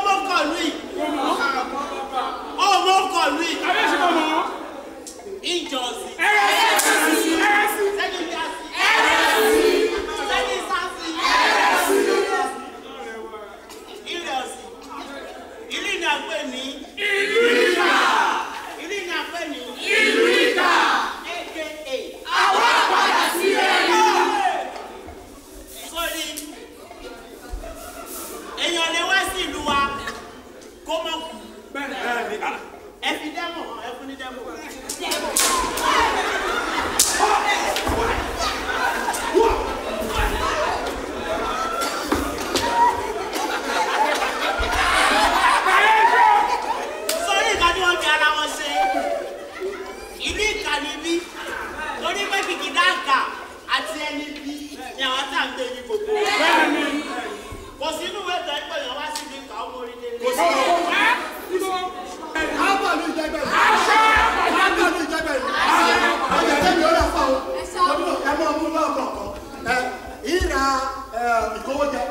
ọmọ ọkọ̀ lu yìí. ọmọ ọkọ̀ lu yìí. abẹ́ ṣe mọ̀ mọ́. ìjọsìn. ẹ̀rẹ́sì. ẹ̀rẹ́sì. sẹ́yìn ní àsì. ẹ̀rẹ́sì. sẹ́yìn ilé ni ní. bẹ́ẹ̀ ni ah. ẹ fi dẹ́mọ̀ ẹ fún lọ́dún ẹ máa mú lọ́ọ̀kọ̀ọ̀kan ẹ ìrà ìkówójẹ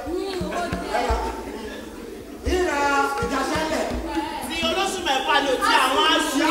ìrà ìjàsẹ́lẹ̀. ti olóṣù mẹ́fà ló ti àwọn aṣọ.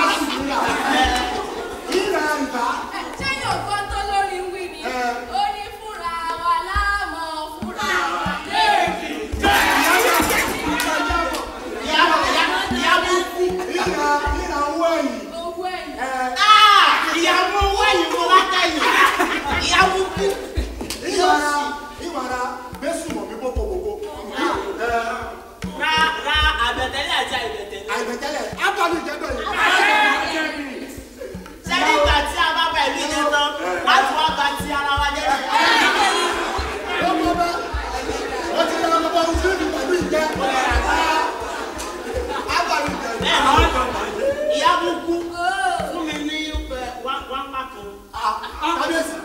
kábíyèsí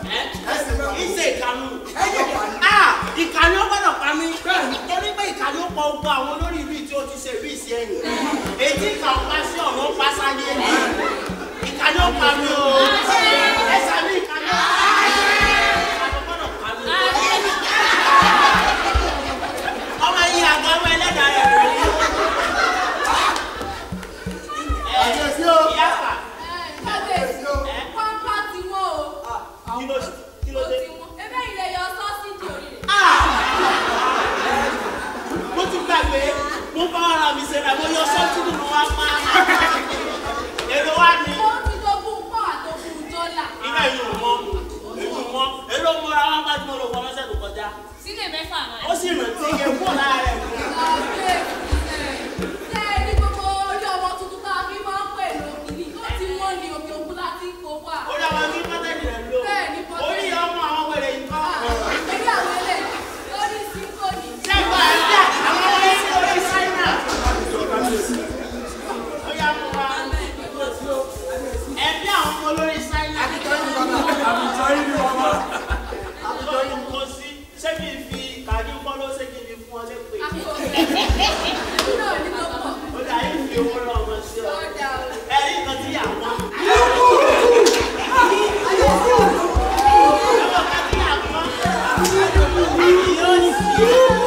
ẹsẹ̀ náà. ìṣe ìkànnì. ẹyẹ ìkànnì. a ìkànnì ó gbọ́dọ̀ pa mí. torí pé ìkànnì ó pọ ogun àwọn olórí ìlú tí ó ti ṣe ìlú ìsẹ́yìn. ọ̀pá sí o. kí ló kí ló dé. ebe ilẹ̀ yọ sọ́ọ̀sìtì orí rẹ̀. Ah! mo tún gbàgbé mo bá ara mi ṣe àgbo yọ sọ́ọ̀sìtì mo wá pa èrò wa ni. ó ti dogun pọ̀ àtòkùn dọ́là. iná ìlú mọ́ ìlú mọ́ èrò mọ́ra wá gbàdúrà lọ́wọ́ mọ́sẹ̀ tó kọjá. sílẹ̀ mẹ́fà náà. kọ́ ló ṣe kí ni fún ọ lépè. àkókò náà ní kọ́kọ́. fi owó rán ọmọ sí ọ. ẹ̀rí kan tí yà wọ́n. Thank you.